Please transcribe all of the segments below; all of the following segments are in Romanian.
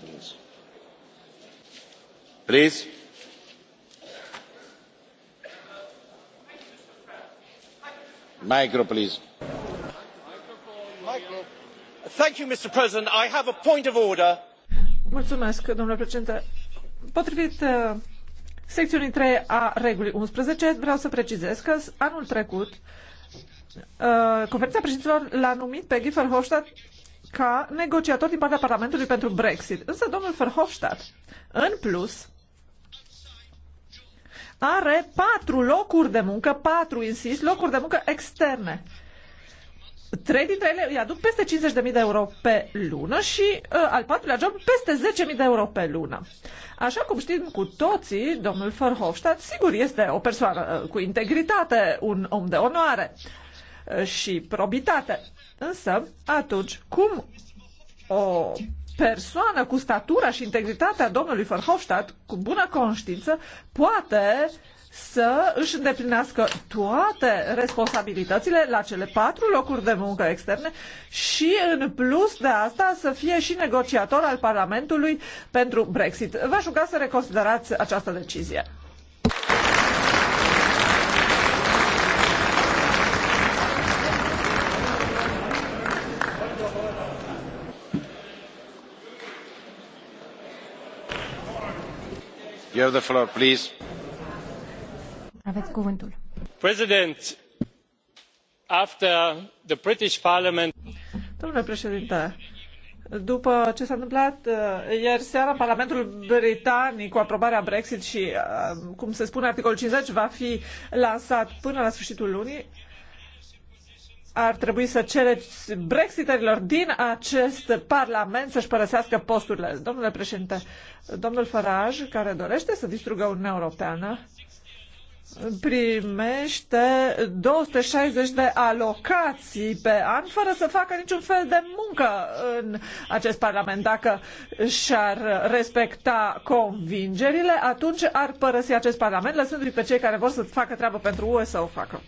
Please. Please. please. Thank you, Mr. President. I have a point of order. Potrivit uh, secțiunii 3 a regulii 11, vreau să precizez că anul trecut uh, conferința președinților l-a numit pe Guy Verhofstadt ca negociator din partea Parlamentului pentru Brexit. Însă domnul Verhofstadt, în plus, are patru locuri de muncă, patru, insist, locuri de muncă externe. Trei dintre ele îi aduc peste 50.000 de euro pe lună și uh, al patrulea job peste 10.000 de euro pe lună. Așa cum știm cu toții, domnul Verhofstadt, sigur, este o persoană uh, cu integritate, un om de onoare. Uh, și probitate. Însă, atunci, cum o persoană cu statura și integritatea domnului Verhofstadt, cu bună conștiință, poate să își îndeplinească toate responsabilitățile la cele patru locuri de muncă externe și, în plus de asta, să fie și negociator al Parlamentului pentru Brexit. V-aș ruga să reconsiderați această decizie. Domnule președinte, după ce s-a întâmplat uh, ieri seara în Parlamentul Britanic cu aprobarea Brexit și, uh, cum se spune, articolul 50 va fi lansat până la sfârșitul lunii, ar trebui să cereți brexiterilor din acest parlament să-și părăsească posturile. Domnule președinte, domnul Farage, care dorește să distrugă Uniunea Europeană, primește 260 de alocații pe an fără să facă niciun fel de muncă în acest Parlament. Dacă și-ar respecta convingerile, atunci ar părăsi acest Parlament, lăsându-i pe cei care vor să facă treabă pentru UE să o facă.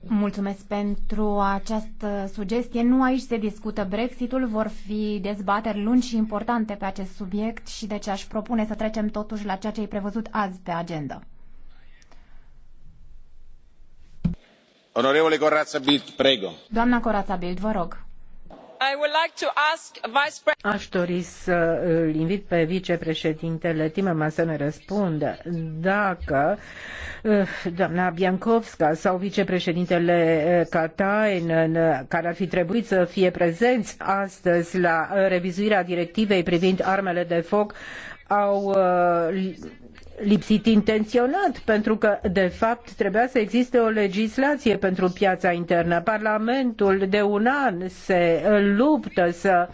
Mulțumesc pentru această sugestie. Nu aici se discută Brexitul, vor fi dezbateri lungi și importante pe acest subiect și deci aș propune să trecem totuși la ceea ce e prevăzut azi pe agenda. Onorevole Corazza Bild, prego. Doamna Corazza Bild, vă rog Aș dori să îl invit pe vicepreședintele Timmermans să ne răspundă dacă uh, doamna Biancovska sau vicepreședintele uh, Katainen, uh, care ar fi trebuit să fie prezenți astăzi la revizuirea directivei privind armele de foc, au lipsit intenționat, pentru că, de fapt, trebuia să existe o legislație pentru piața internă. Parlamentul de un an se luptă să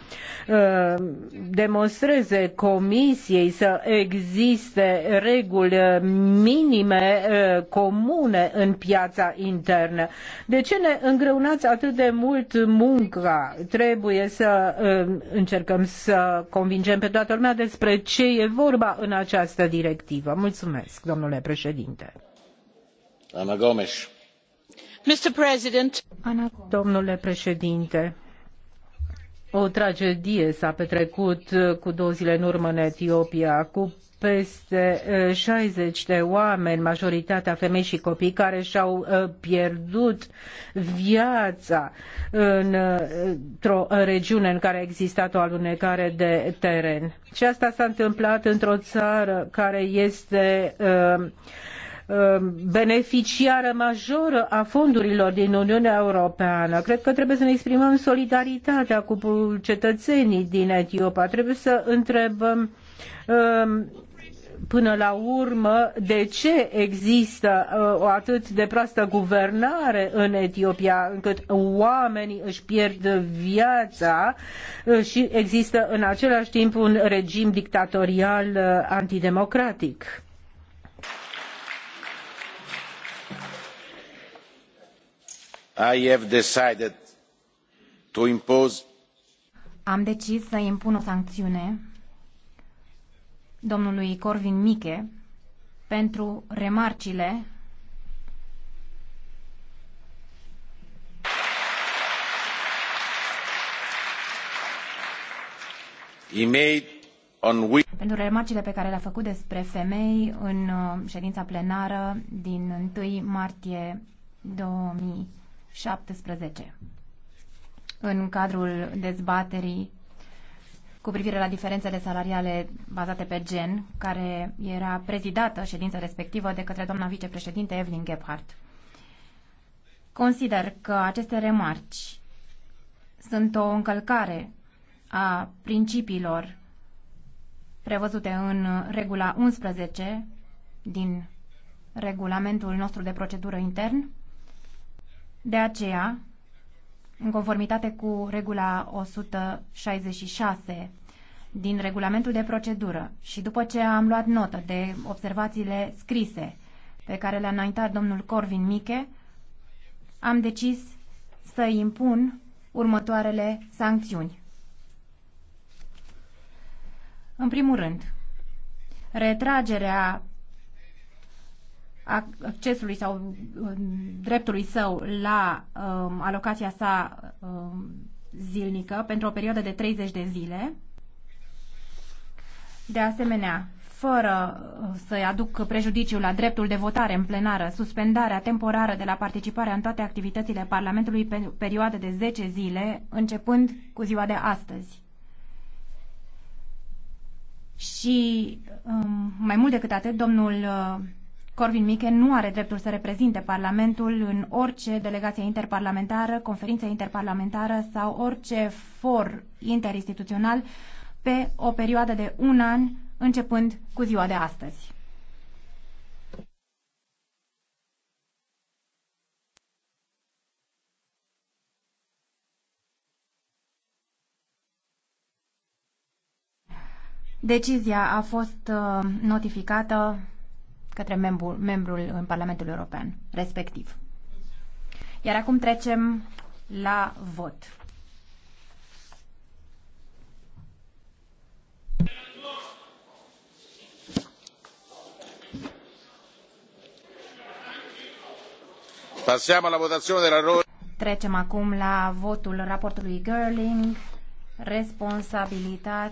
uh, demonstreze comisiei să existe reguli minime uh, comune în piața internă. De ce ne îngreunați atât de mult munca? Trebuie să uh, încercăm să convingem pe toată lumea despre ce e vorba în această directivă Vă mulțumesc, domnule președinte. Domnule președinte, o tragedie s-a petrecut cu două zile în urmă în Etiopia, cu peste 60 eh, de oameni, majoritatea femei și copii, care și-au eh, pierdut viața eh, într-o regiune în care a existat o alunecare de teren. Și asta s-a întâmplat într-o țară care este beneficiară majoră a fondurilor din Uniunea Europeană. Cred că trebuie să ne exprimăm solidaritatea cu cetățenii din Etiopa. Trebuie să întrebăm până la urmă de ce există uh, o atât de proastă guvernare în Etiopia încât oamenii își pierd viața uh, și există în același timp un regim dictatorial uh, antidemocratic. I have decided to impose am decis să impun o sancțiune domnului Corvin Miche pentru remarcile On... pentru remarcile pe care le-a făcut despre femei în uh, ședința plenară din 1 martie 2017 în cadrul dezbaterii cu privire la diferențele salariale bazate pe gen, care era prezidată ședința respectivă de către doamna vicepreședinte Evelyn Gebhardt. Consider că aceste remarci sunt o încălcare a principiilor prevăzute în regula 11 din regulamentul nostru de procedură intern. De aceea, în conformitate cu regula 166 din regulamentul de procedură și după ce am luat notă de observațiile scrise pe care le-a înaintat domnul Corvin Miche, am decis să impun următoarele sancțiuni. În primul rând, retragerea accesului sau um, dreptului său la um, alocația sa um, zilnică pentru o perioadă de 30 de zile. De asemenea, fără uh, să-i aduc prejudiciul la dreptul de votare în plenară, suspendarea temporară de la participarea în toate activitățile Parlamentului pe perioadă de 10 zile, începând cu ziua de astăzi. Și um, mai mult decât atât, domnul uh, Corvin Miche nu are dreptul să reprezinte Parlamentul în orice delegație interparlamentară, conferință interparlamentară sau orice for interinstituțional pe o perioadă de un an începând cu ziua de astăzi. Decizia a fost uh, notificată către membru, membrul în Parlamentul European respectiv. Iar acum trecem la vot. Passiamo alla votazione della Trecem acum la votul raportului Girling, responsabilitate